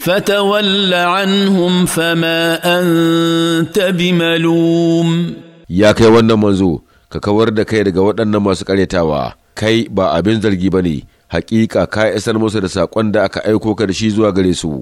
فتول عنهم فما أنت بملوم يا كي wannan manzo ka kawar da kai daga waɗannan masu ƙaryatawa kai ba abin zargi bane hakika ka isar musu da saƙon da aka aiko ka da shi zuwa gare su